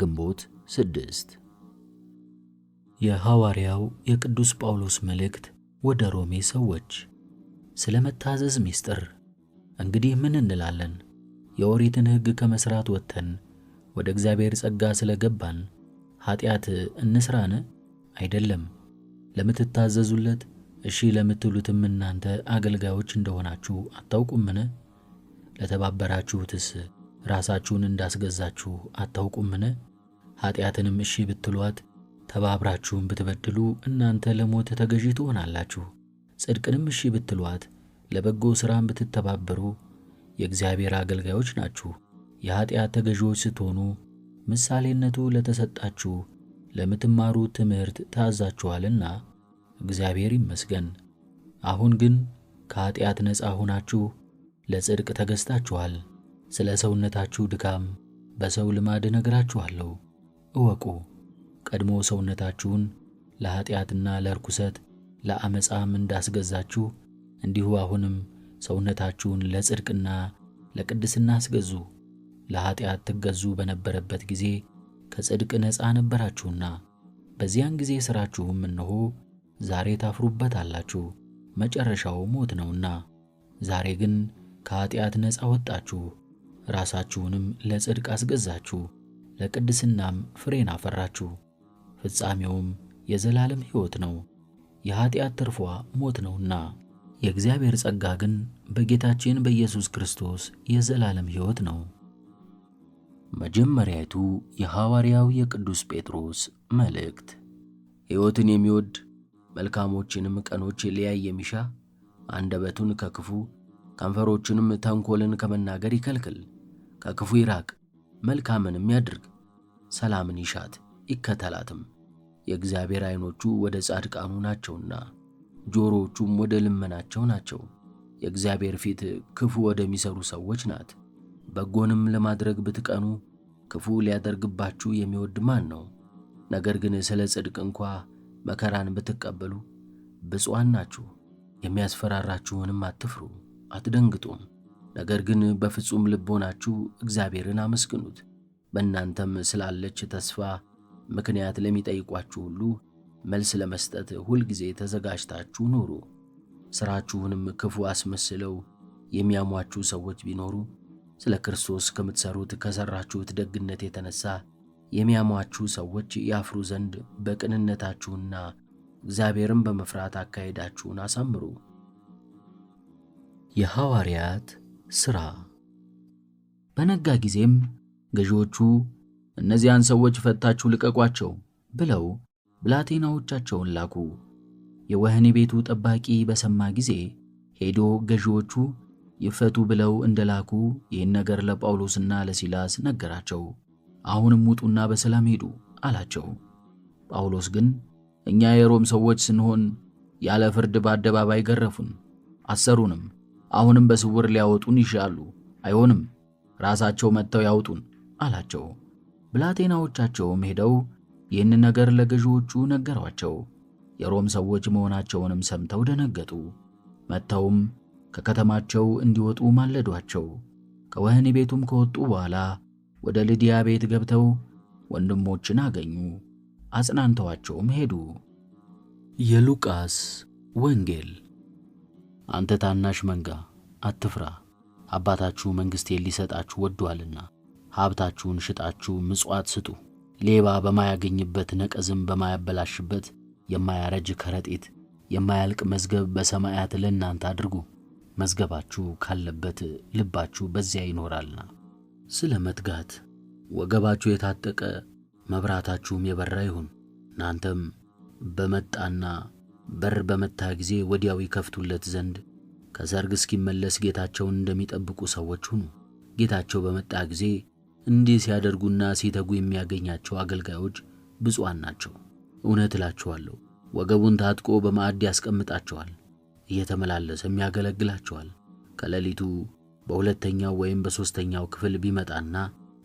ግንቦት ስድስት የሐዋርያው የቅዱስ ጳውሎስ መልእክት ወደ ሮሜ ሰዎች ስለ መታዘዝ ምስጢር። እንግዲህ ምን እንላለን? የኦሪትን ሕግ ከመሥራት ወጥተን ወደ እግዚአብሔር ጸጋ ስለ ገባን ኀጢአት አይደለም። ለምትታዘዙለት እሺ ለምትሉትም እናንተ አገልጋዮች እንደሆናችሁ አታውቁምን? ለተባበራችሁትስ ራሳችሁን እንዳስገዛችሁ አታውቁምን? ኃጢአትንም እሺ ብትሏት ተባብራችሁም ብትበድሉ እናንተ ለሞት ተገዢ ትሆናላችሁ። ጽድቅንም እሺ ብትሏት ለበጎ ሥራም ብትተባበሩ የእግዚአብሔር አገልጋዮች ናችሁ። የኃጢአት ተገዢዎች ስትሆኑ ምሳሌነቱ ለተሰጣችሁ ለምትማሩ ትምህርት ታዛችኋልና እግዚአብሔር ይመስገን። አሁን ግን ከኃጢአት ነፃ ሆናችሁ ለጽድቅ ተገዝታችኋል። ስለ ሰውነታችሁ ድካም በሰው ልማድ እነግራችኋለሁ። እወቁ፣ ቀድሞ ሰውነታችሁን ለኀጢአትና ለርኩሰት ለአመፃም እንዳስገዛችሁ እንዲሁ አሁንም ሰውነታችሁን ለጽድቅና ለቅድስና አስገዙ። ለኀጢአት ትገዙ በነበረበት ጊዜ ከጽድቅ ነፃ ነበራችሁና፣ በዚያን ጊዜ ሥራችሁም እነሆ ዛሬ ታፍሩበት አላችሁ፣ መጨረሻው ሞት ነውና። ዛሬ ግን ከኀጢአት ነፃ ወጣችሁ፣ ራሳችሁንም ለጽድቅ አስገዛችሁ፣ ለቅድስናም ፍሬን አፈራችሁ። ፍጻሜውም የዘላለም ሕይወት ነው። የኀጢአት ትርፏ ሞት ነውና የእግዚአብሔር ጸጋ ግን በጌታችን በኢየሱስ ክርስቶስ የዘላለም ሕይወት ነው። መጀመሪያይቱ የሐዋርያው የቅዱስ ጴጥሮስ መልእክት። ሕይወትን የሚወድ መልካሞችንም ቀኖች ሊያይ የሚሻ አንደበቱን ከክፉ ከንፈሮቹንም ተንኮልን ከመናገር ይከልክል። ከክፉ ይራቅ፣ መልካምንም ያድርግ፣ ሰላምን ይሻት ይከተላትም። የእግዚአብሔር ዐይኖቹ ወደ ጻድቃኑ ናቸውና ጆሮዎቹም ወደ ልመናቸው ናቸው። የእግዚአብሔር ፊት ክፉ ወደሚሰሩ ሰዎች ናት። በጎንም ለማድረግ ብትቀኑ ክፉ ሊያደርግባችሁ የሚወድ ማን ነው? ነገር ግን ስለ ጽድቅ እንኳ መከራን ብትቀበሉ ብፁዓን ናችሁ። የሚያስፈራራችሁንም አትፍሩ፣ አትደንግጡም። ነገር ግን በፍጹም ልቦናችሁ እግዚአብሔርን አመስግኑት። በእናንተም ስላለች ተስፋ ምክንያት ለሚጠይቋችሁ ሁሉ መልስ ለመስጠት ሁልጊዜ ተዘጋጅታችሁ ኑሩ። ሥራችሁንም ክፉ አስመስለው የሚያሟችሁ ሰዎች ቢኖሩ ስለ ክርስቶስ ከምትሠሩት ከሠራችሁት ደግነት የተነሣ የሚያሟችሁ ሰዎች ያፍሩ ዘንድ በቅንነታችሁና እግዚአብሔርን በመፍራት አካሄዳችሁን አሳምሩ። የሐዋርያት ሥራ። በነጋ ጊዜም ገዢዎቹ እነዚያን ሰዎች ፈታችሁ ልቀቋቸው ብለው ብላቴናዎቻቸውን ላኩ። የወህኒ ቤቱ ጠባቂ በሰማ ጊዜ ሄዶ ገዢዎቹ ይፈቱ ብለው እንደላኩ ይህን ነገር ለጳውሎስና ለሲላስ ነገራቸው። አሁንም ውጡና በሰላም ሄዱ አላቸው። ጳውሎስ ግን እኛ የሮም ሰዎች ስንሆን ያለ ፍርድ በአደባባይ ገረፉን፣ አሰሩንም አሁንም በስውር ሊያወጡን ይሻሉ። አይሆንም፣ ራሳቸው መጥተው ያውጡን አላቸው። ብላቴናዎቻቸውም ሄደው ይህን ነገር ለገዢዎቹ ነገሯቸው። የሮም ሰዎች መሆናቸውንም ሰምተው ደነገጡ። መጥተውም ከከተማቸው እንዲወጡ ማለዷቸው። ከወህኒ ቤቱም ከወጡ በኋላ ወደ ልዲያ ቤት ገብተው ወንድሞችን አገኙ፣ አጽናንተዋቸውም ሄዱ። የሉቃስ ወንጌል አንተ ታናሽ መንጋ አትፍራ፣ አባታችሁ መንግሥቴን ሊሰጣችሁ ወዷልና ሀብታችሁን ሽጣችሁ ምጽዋት ስጡ። ሌባ በማያገኝበት ነቀዝም በማያበላሽበት የማያረጅ ከረጢት የማያልቅ መዝገብ በሰማያት ለእናንተ አድርጉ። መዝገባችሁ ካለበት ልባችሁ በዚያ ይኖራልና። ስለ መትጋት ወገባችሁ የታጠቀ መብራታችሁም የበራ ይሁን። እናንተም በመጣና በር በመታ ጊዜ ወዲያው ይከፍቱለት ዘንድ ከሰርግ እስኪመለስ ጌታቸውን እንደሚጠብቁ ሰዎች ሁኑ። ጌታቸው በመጣ ጊዜ እንዲህ ሲያደርጉና ሲተጉ የሚያገኛቸው አገልጋዮች ብፁዓን ናቸው። እውነት እላችኋለሁ ወገቡን ታጥቆ በማዕድ ያስቀምጣቸዋል፣ እየተመላለሰም ያገለግላቸዋል። ከሌሊቱ በሁለተኛው ወይም በሦስተኛው ክፍል ቢመጣና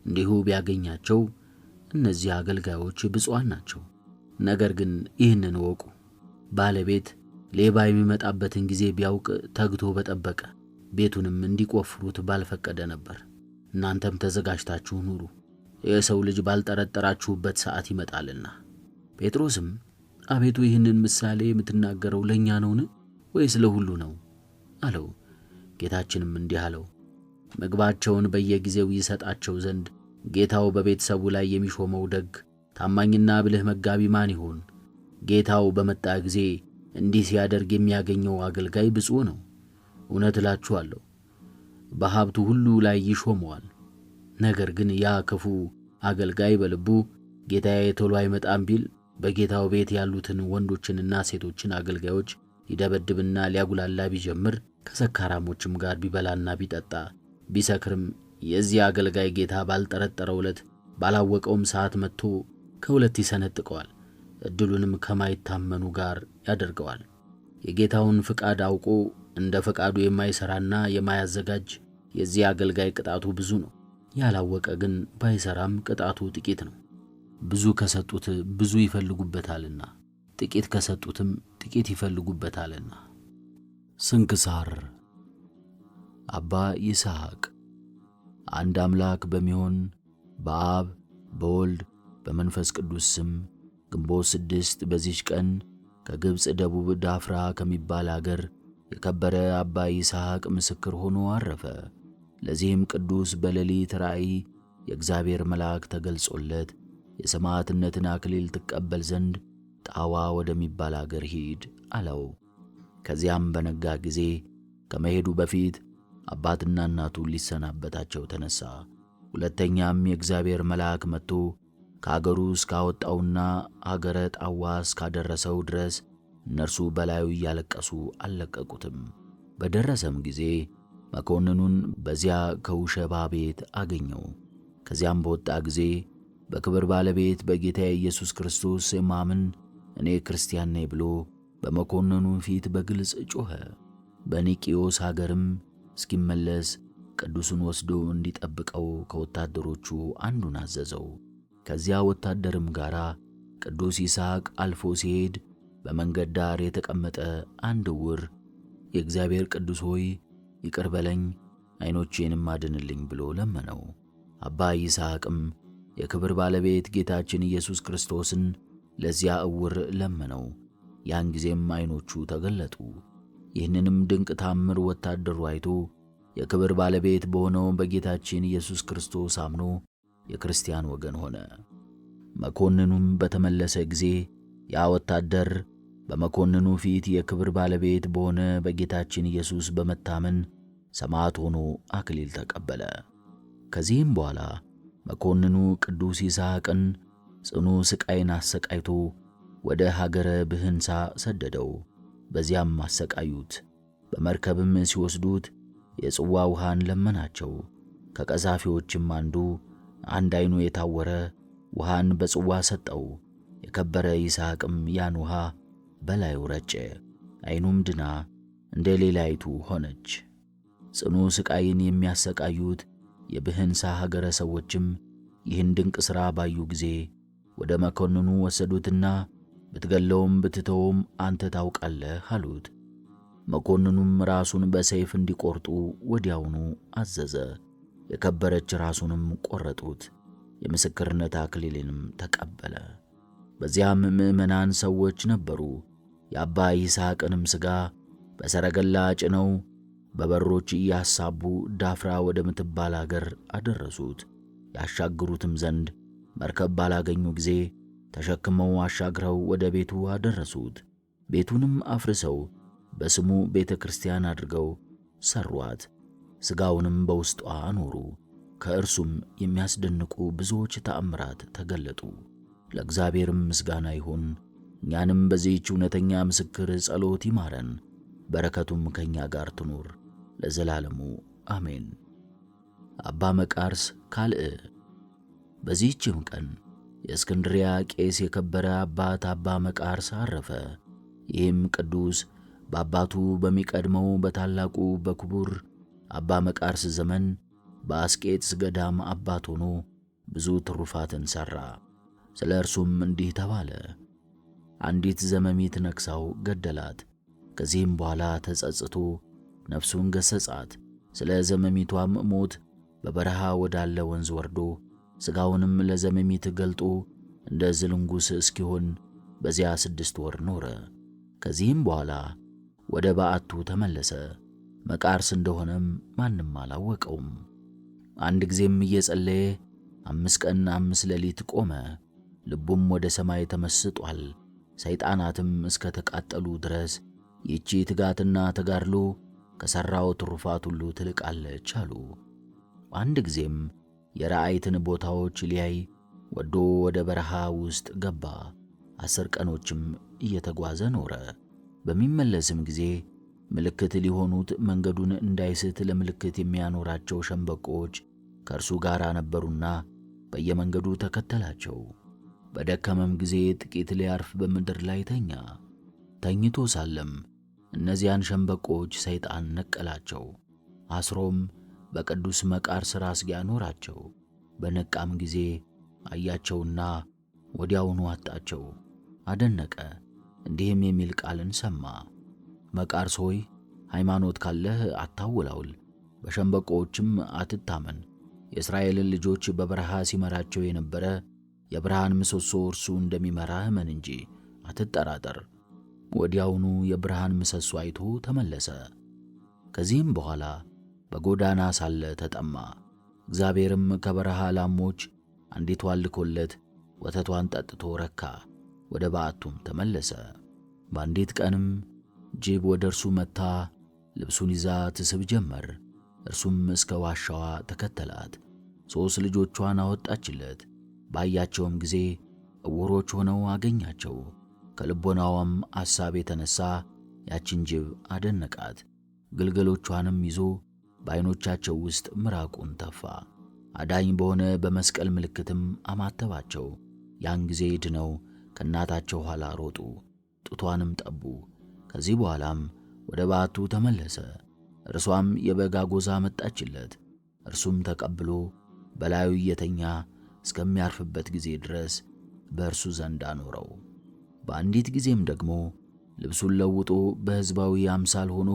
እንዲሁ ቢያገኛቸው እነዚህ አገልጋዮች ብፁዓን ናቸው። ነገር ግን ይህንን ወቁ ባለቤት ሌባ የሚመጣበትን ጊዜ ቢያውቅ ተግቶ በጠበቀ፣ ቤቱንም እንዲቆፍሩት ባልፈቀደ ነበር። እናንተም ተዘጋጅታችሁ ኑሩ፣ የሰው ልጅ ባልጠረጠራችሁበት ሰዓት ይመጣልና። ጴጥሮስም አቤቱ ይህንን ምሳሌ የምትናገረው ለእኛ ነውን ወይስ ለሁሉ ነው አለው። ጌታችንም እንዲህ አለው፣ ምግባቸውን በየጊዜው ይሰጣቸው ዘንድ ጌታው በቤተሰቡ ላይ የሚሾመው ደግ ታማኝና ብልህ መጋቢ ማን ይሆን? ጌታው በመጣ ጊዜ እንዲህ ሲያደርግ የሚያገኘው አገልጋይ ብፁዕ ነው። እውነት እላችኋለሁ በሀብቱ ሁሉ ላይ ይሾመዋል። ነገር ግን ያ ክፉ አገልጋይ በልቡ ጌታዬ ቶሎ አይመጣም ቢል በጌታው ቤት ያሉትን ወንዶችንና ሴቶችን አገልጋዮች ይደበድብና ሊያጉላላ ቢጀምር፣ ከሰካራሞችም ጋር ቢበላና ቢጠጣ ቢሰክርም የዚህ አገልጋይ ጌታ ባልጠረጠረው ዕለት ባላወቀውም ሰዓት መጥቶ ከሁለት ይሰነጥቀዋል። እድሉንም ከማይታመኑ ጋር ያደርገዋል። የጌታውን ፍቃድ አውቆ እንደ ፈቃዱ የማይሠራና የማያዘጋጅ የዚህ አገልጋይ ቅጣቱ ብዙ ነው። ያላወቀ ግን ባይሠራም ቅጣቱ ጥቂት ነው። ብዙ ከሰጡት ብዙ ይፈልጉበታልና፣ ጥቂት ከሰጡትም ጥቂት ይፈልጉበታልና። ስንክሳር አባ ይስሐቅ አንድ አምላክ በሚሆን በአብ በወልድ በመንፈስ ቅዱስ ስም ግንቦት ስድስት በዚች ቀን ከግብፅ ደቡብ ዳፍራ ከሚባል አገር የከበረ አባ ይስሐቅ ምስክር ሆኖ አረፈ። ለዚህም ቅዱስ በሌሊት ራእይ የእግዚአብሔር መልአክ ተገልጾለት የሰማዕትነትን አክሊል ትቀበል ዘንድ ጣዋ ወደሚባል አገር ሂድ አለው። ከዚያም በነጋ ጊዜ ከመሄዱ በፊት አባትና እናቱ ሊሰናበታቸው ተነሣ። ሁለተኛም የእግዚአብሔር መልአክ መጥቶ ከአገሩ እስካወጣውና አገረ ጣዋ እስካደረሰው ድረስ እነርሱ በላዩ እያለቀሱ አልለቀቁትም። በደረሰም ጊዜ መኮንኑን በዚያ ከውሸባ ቤት አገኘው። ከዚያም በወጣ ጊዜ በክብር ባለቤት በጌታ ኢየሱስ ክርስቶስ ማምን እኔ ክርስቲያን ነኝ ብሎ በመኮንኑ ፊት በግልጽ ጮኸ። በኒቂዮስ አገርም እስኪመለስ ቅዱሱን ወስዶ እንዲጠብቀው ከወታደሮቹ አንዱን አዘዘው። ከዚያ ወታደርም ጋር ቅዱስ ይስሐቅ አልፎ ሲሄድ በመንገድ ዳር የተቀመጠ አንድ ዕውር የእግዚአብሔር ቅዱስ ሆይ ይቅር በለኝ ዐይኖቼንም አድንልኝ ብሎ ለመነው። አባ ይስሐቅም የክብር ባለቤት ጌታችን ኢየሱስ ክርስቶስን ለዚያ ዕውር ለመነው። ያን ጊዜም ዐይኖቹ ተገለጡ። ይህንንም ድንቅ ታምር ወታደሩ አይቶ የክብር ባለቤት በሆነው በጌታችን ኢየሱስ ክርስቶስ አምኖ የክርስቲያን ወገን ሆነ። መኮንኑም በተመለሰ ጊዜ ያ ወታደር በመኮንኑ ፊት የክብር ባለቤት በሆነ በጌታችን ኢየሱስ በመታመን ሰማዕት ሆኖ አክሊል ተቀበለ። ከዚህም በኋላ መኮንኑ ቅዱስ ይስሐቅን ጽኑ ሥቃይን አሰቃይቶ ወደ ሀገረ ብህንሳ ሰደደው። በዚያም አሰቃዩት። በመርከብም ሲወስዱት የጽዋ ውሃን ለመናቸው። ከቀዛፊዎችም አንዱ አንድ ዓይኑ የታወረ ውሃን በጽዋ ሰጠው። የከበረ ይስሐቅም ያን ውሃ በላዩ ረጨ፣ ዓይኑም ድና እንደ ሌላይቱ ሆነች። ጽኑ ሥቃይን የሚያሰቃዩት የብህንሳ ሀገረ ሰዎችም ይህን ድንቅ ሥራ ባዩ ጊዜ ወደ መኮንኑ ወሰዱትና ብትገለውም ብትተውም አንተ ታውቃለህ አሉት። መኮንኑም ራሱን በሰይፍ እንዲቆርጡ ወዲያውኑ አዘዘ። የከበረች ራሱንም ቆረጡት፣ የምስክርነት አክሊልንም ተቀበለ። በዚያም ምዕመናን ሰዎች ነበሩ። የአባ ይስሐቅንም ሥጋ በሰረገላ ጭነው በበሮች እያሳቡ ዳፍራ ወደምትባል አገር አደረሱት። ያሻግሩትም ዘንድ መርከብ ባላገኙ ጊዜ ተሸክመው አሻግረው ወደ ቤቱ አደረሱት። ቤቱንም አፍርሰው በስሙ ቤተ ክርስቲያን አድርገው ሠሯት። ሥጋውንም በውስጧ አኖሩ። ከእርሱም የሚያስደንቁ ብዙዎች ተአምራት ተገለጡ። ለእግዚአብሔርም ምስጋና ይሁን። እኛንም በዚህች እውነተኛ ምስክር ጸሎት ይማረን፣ በረከቱም ከእኛ ጋር ትኑር ለዘላለሙ አሜን። አባ መቃርስ ካልዕ። በዚህችም ቀን የእስክንድሪያ ቄስ የከበረ አባት አባ መቃርስ አረፈ። ይህም ቅዱስ በአባቱ በሚቀድመው በታላቁ በክቡር አባ መቃርስ ዘመን በአስቄጥስ ገዳም አባት ሆኖ ብዙ ትሩፋትን ሠራ። ስለ እርሱም እንዲህ ተባለ። አንዲት ዘመሚት ነክሳው ገደላት። ከዚህም በኋላ ተጸጽቶ ነፍሱን ገሰጻት ስለ ዘመሚቷም ሞት በበረሃ ወዳለ ወንዝ ወርዶ ሥጋውንም ለዘመሚት ገልጦ እንደ ዝልንጉስ እስኪሆን በዚያ ስድስት ወር ኖረ። ከዚህም በኋላ ወደ በዓቱ ተመለሰ። መቃርስ እንደሆነም ማንም አላወቀውም። አንድ ጊዜም እየጸለየ አምስት ቀን አምስት ሌሊት ቆመ። ልቡም ወደ ሰማይ ተመስጧል። ሰይጣናትም እስከ ተቃጠሉ ድረስ ይቺ ትጋትና ተጋድሎ ከሠራው ትሩፋት ሁሉ ትልቃለች አሉ። አንድ ጊዜም የራእይትን ቦታዎች ሊያይ ወዶ ወደ በረሃ ውስጥ ገባ። አስር ቀኖችም እየተጓዘ ኖረ። በሚመለስም ጊዜ ምልክት ሊሆኑት መንገዱን እንዳይስት ለምልክት የሚያኖራቸው ሸምበቆዎች ከእርሱ ጋር ነበሩና በየመንገዱ ተከተላቸው። በደከመም ጊዜ ጥቂት ሊያርፍ በምድር ላይ ተኛ። ተኝቶ ሳለም እነዚያን ሸምበቆዎች ሰይጣን ነቀላቸው፣ አስሮም በቅዱስ መቃር ሥራ አስጊያ ኖራቸው። በነቃም ጊዜ አያቸውና ወዲያውኑ አጣቸው፣ አደነቀ። እንዲህም የሚል ቃልን ሰማ መቃርስ ሆይ ሃይማኖት ካለህ አታውላውል በሸምበቆዎችም አትታመን። የእስራኤልን ልጆች በበረሃ ሲመራቸው የነበረ የብርሃን ምሰሶ እርሱ እንደሚመራ እመን እንጂ አትጠራጠር። ወዲያውኑ የብርሃን ምሰሶ አይቶ ተመለሰ። ከዚህም በኋላ በጎዳና ሳለ ተጠማ። እግዚአብሔርም ከበረሃ ላሞች አንዲቷን ልኮለት ወተቷን ጠጥቶ ረካ፣ ወደ በዓቱም ተመለሰ። በአንዲት ቀንም ጅብ ወደ እርሱ መታ ልብሱን ይዛ ትስብ ጀመር። እርሱም እስከ ዋሻዋ ተከተላት። ሦስት ልጆቿን አወጣችለት። ባያቸውም ጊዜ ዕውሮች ሆነው አገኛቸው። ከልቦናዋም አሳብ የተነሣ ያችን ጅብ አደነቃት። ግልገሎቿንም ይዞ በዐይኖቻቸው ውስጥ ምራቁን ተፋ። አዳኝ በሆነ በመስቀል ምልክትም አማተባቸው። ያን ጊዜ ድነው ከእናታቸው ኋላ ሮጡ፣ ጡቷንም ጠቡ። ከዚህ በኋላም ወደ ባቱ ተመለሰ። እርሷም የበጋ ጎዛ መጣችለት። እርሱም ተቀብሎ በላዩ እየተኛ እስከሚያርፍበት ጊዜ ድረስ በእርሱ ዘንድ አኖረው። በአንዲት ጊዜም ደግሞ ልብሱን ለውጦ በሕዝባዊ አምሳል ሆኖ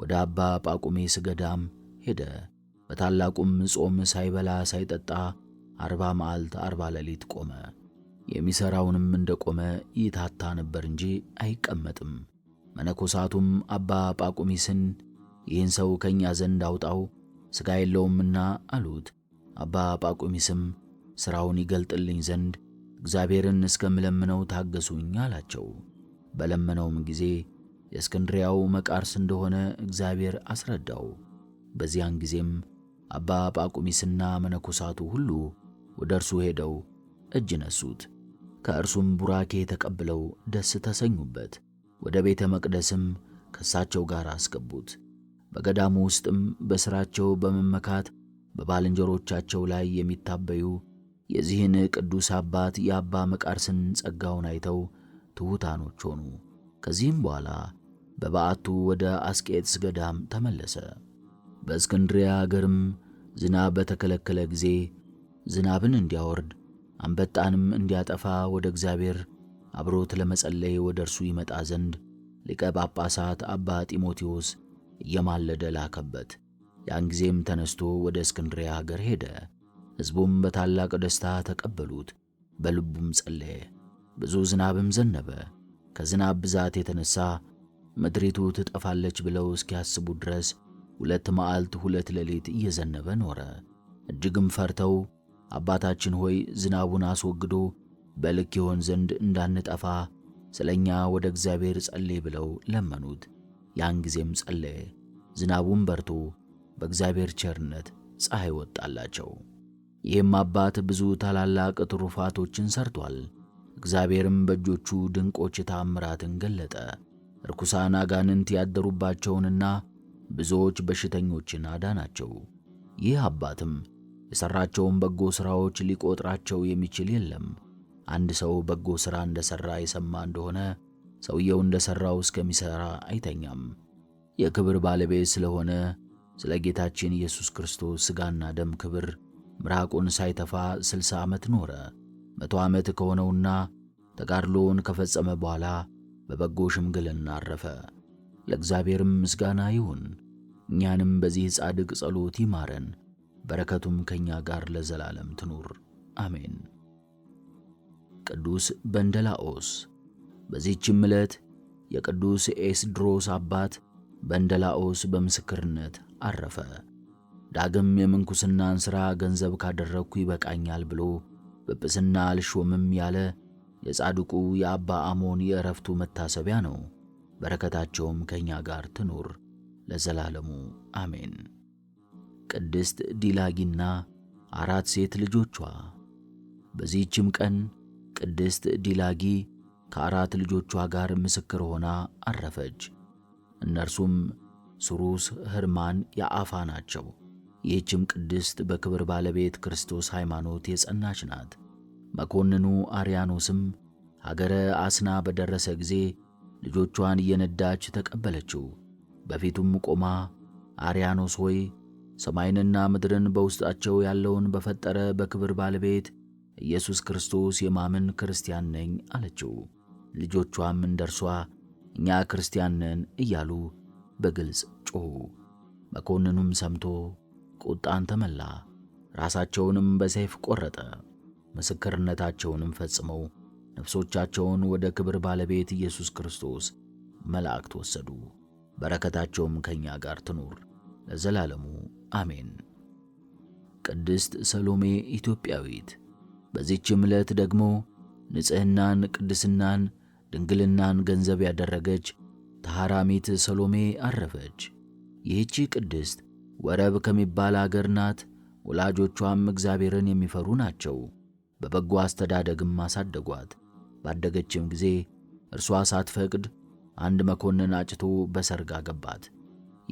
ወደ አባ ጳቁሜ ስገዳም ሄደ። በታላቁም ጾም ሳይበላ ሳይጠጣ አርባ መዓልት አርባ ሌሊት ቆመ። የሚሠራውንም እንደቆመ ይታታ ነበር እንጂ አይቀመጥም። መነኮሳቱም አባ ጳቁሚስን ይህን ሰው ከእኛ ዘንድ አውጣው ሥጋ የለውምና አሉት። አባ ጳቁሚስም ሥራውን ይገልጥልኝ ዘንድ እግዚአብሔርን እስከምለምነው ታገሱኝ አላቸው። በለመነውም ጊዜ የእስክንድሪያው መቃርስ እንደሆነ እግዚአብሔር አስረዳው። በዚያን ጊዜም አባ ጳቁሚስና መነኮሳቱ ሁሉ ወደ እርሱ ሄደው እጅ ነሱት። ከእርሱም ቡራኬ ተቀብለው ደስ ተሰኙበት። ወደ ቤተ መቅደስም ከእሳቸው ጋር አስገቡት። በገዳሙ ውስጥም በሥራቸው በመመካት በባልንጀሮቻቸው ላይ የሚታበዩ የዚህን ቅዱስ አባት የአባ መቃርስን ጸጋውን አይተው ትሑታኖች ሆኑ። ከዚህም በኋላ በበዓቱ ወደ አስቄጥስ ገዳም ተመለሰ። በእስክንድሪያ አገርም ዝናብ በተከለከለ ጊዜ ዝናብን እንዲያወርድ አንበጣንም እንዲያጠፋ ወደ እግዚአብሔር አብሮት ለመጸለይ ወደ እርሱ ይመጣ ዘንድ ሊቀ ጳጳሳት አባ ጢሞቴዎስ እየማለደ ላከበት። ያን ጊዜም ተነስቶ ወደ እስክንድሪያ አገር ሄደ። ሕዝቡም በታላቅ ደስታ ተቀበሉት። በልቡም ጸለየ። ብዙ ዝናብም ዘነበ። ከዝናብ ብዛት የተነሳ ምድሪቱ ትጠፋለች ብለው እስኪያስቡ ድረስ ሁለት መዓልት ሁለት ሌሊት እየዘነበ ኖረ። እጅግም ፈርተው አባታችን ሆይ ዝናቡን አስወግዶ በልክ ይሆን ዘንድ እንዳንጠፋ ስለ እኛ ወደ እግዚአብሔር ጸልይ ብለው ለመኑት። ያን ጊዜም ጸለየ፣ ዝናቡም በርቶ በእግዚአብሔር ቸርነት ፀሐይ ወጣላቸው። ይህም አባት ብዙ ታላላቅ ትሩፋቶችን ሠርቷል። እግዚአብሔርም በእጆቹ ድንቆች ታምራትን ገለጠ። ርኩሳን አጋንንት ያደሩባቸውንና ብዙዎች በሽተኞችን አዳናቸው። ይህ አባትም የሠራቸውን በጎ ሥራዎች ሊቆጥራቸው የሚችል የለም። አንድ ሰው በጎ ሥራ እንደሠራ የሰማ እንደሆነ ሰውየው እንደሠራው እስከሚሠራ አይተኛም። የክብር ባለቤት ስለሆነ ስለ ጌታችን ኢየሱስ ክርስቶስ ሥጋና ደም ክብር ምራቁን ሳይተፋ ስልሳ ዓመት ኖረ። መቶ ዓመት ከሆነውና ተጋድሎውን ከፈጸመ በኋላ በበጎ ሽምግልና አረፈ። ለእግዚአብሔርም ምስጋና ይሁን። እኛንም በዚህ ጻድቅ ጸሎት ይማረን። በረከቱም ከእኛ ጋር ለዘላለም ትኑር አሜን። ቅዱስ በንደላኦስ። በዚህችም ዕለት የቅዱስ ኤስድሮስ አባት በንደላኦስ በምስክርነት አረፈ። ዳግም የምንኩስናን ሥራ ገንዘብ ካደረግኩ ይበቃኛል ብሎ ጵጵስና አልሾምም ያለ የጻድቁ የአባ አሞን የእረፍቱ መታሰቢያ ነው። በረከታቸውም ከእኛ ጋር ትኑር ለዘላለሙ አሜን። ቅድስት ዲላጊና አራት ሴት ልጆቿ በዚህችም ቀን ቅድስት ዲላጊ ከአራት ልጆቿ ጋር ምስክር ሆና አረፈች። እነርሱም ስሩስ፣ ህርማን፣ የአፋ ናቸው። ይህችም ቅድስት በክብር ባለቤት ክርስቶስ ሃይማኖት የጸናች ናት። መኮንኑ አርያኖስም ሀገረ አስና በደረሰ ጊዜ ልጆቿን እየነዳች ተቀበለችው። በፊቱም ቆማ አርያኖስ ሆይ ሰማይንና ምድርን በውስጣቸው ያለውን በፈጠረ በክብር ባለቤት ኢየሱስ ክርስቶስ የማምን ክርስቲያን ነኝ አለችው። ልጆቿም እንደ እርሷ እኛ ክርስቲያን ነን እያሉ በግልጽ ጮኹ። መኮንኑም ሰምቶ ቁጣን ተመላ፣ ራሳቸውንም በሰይፍ ቆረጠ። ምስክርነታቸውንም ፈጽመው ነፍሶቻቸውን ወደ ክብር ባለቤት ኢየሱስ ክርስቶስ መላእክት ወሰዱ። በረከታቸውም ከእኛ ጋር ትኑር ለዘላለሙ አሜን። ቅድስት ሰሎሜ ኢትዮጵያዊት በዚህችም ዕለት ደግሞ ንጽሕናን፣ ቅድስናን፣ ድንግልናን ገንዘብ ያደረገች ተሐራሚት ሰሎሜ አረፈች። ይህቺ ቅድስት ወረብ ከሚባል አገር ናት። ወላጆቿም እግዚአብሔርን የሚፈሩ ናቸው። በበጎ አስተዳደግም አሳደጓት። ባደገችም ጊዜ እርሷ ሳትፈቅድ አንድ መኮንን አጭቶ በሰርግ አገባት።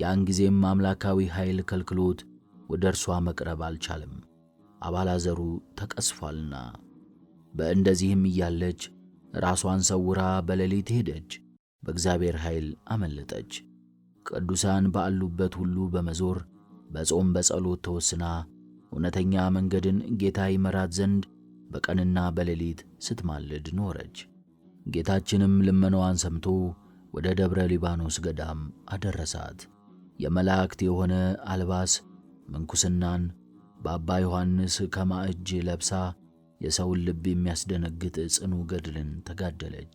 ያን ጊዜም አምላካዊ ኃይል ከልክሎት ወደ እርሷ መቅረብ አልቻለም። አባላዘሩ ተቀስፏልና። በእንደዚህም እያለች ራሷን ሰውራ በሌሊት ሄደች፣ በእግዚአብሔር ኃይል አመለጠች። ቅዱሳን ባሉበት ሁሉ በመዞር በጾም በጸሎት ተወስና እውነተኛ መንገድን ጌታ ይመራት ዘንድ በቀንና በሌሊት ስትማልድ ኖረች። ጌታችንም ልመናዋን ሰምቶ ወደ ደብረ ሊባኖስ ገዳም አደረሳት። የመላእክት የሆነ አልባስ ምንኩስናን በአባ ዮሐንስ ከማ እጅ ለብሳ የሰውን ልብ የሚያስደነግጥ ጽኑ ገድልን ተጋደለች።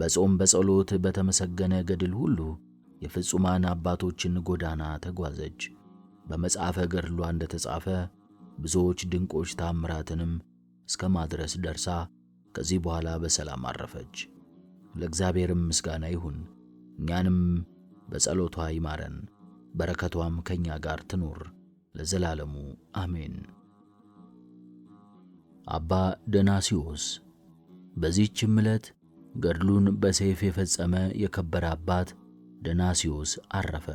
በጾም በጸሎት በተመሰገነ ገድል ሁሉ የፍጹማን አባቶችን ጎዳና ተጓዘች። በመጽሐፈ ገድሏ እንደተጻፈ ብዙዎች ድንቆች ታምራትንም እስከ ማድረስ ደርሳ ከዚህ በኋላ በሰላም አረፈች። ለእግዚአብሔርም ምስጋና ይሁን። እኛንም በጸሎቷ ይማረን፣ በረከቷም ከእኛ ጋር ትኑር ለዘላለሙ አሜን። አባ ደናሲዮስ በዚህችም ዕለት ገድሉን በሰይፍ የፈጸመ የከበረ አባት ደናሲዮስ አረፈ።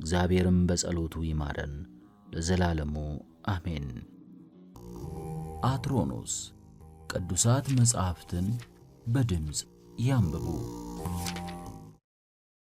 እግዚአብሔርም በጸሎቱ ይማረን ለዘላለሙ አሜን። አትሮኖስ ቅዱሳት መጻሕፍትን በድምፅ ያንብቡ።